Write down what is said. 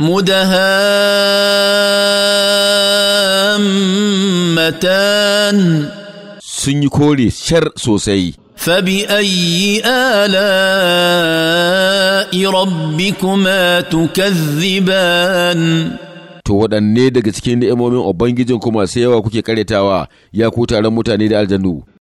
Mudahammatan. sun yi kore shar sosai. Fabi ayi ala rabbikuma ziban. To waɗanne daga cikin ni'imomin Ubangijin kuma sai yawa kuke karyatawa ya ku taron mutane da aljanu.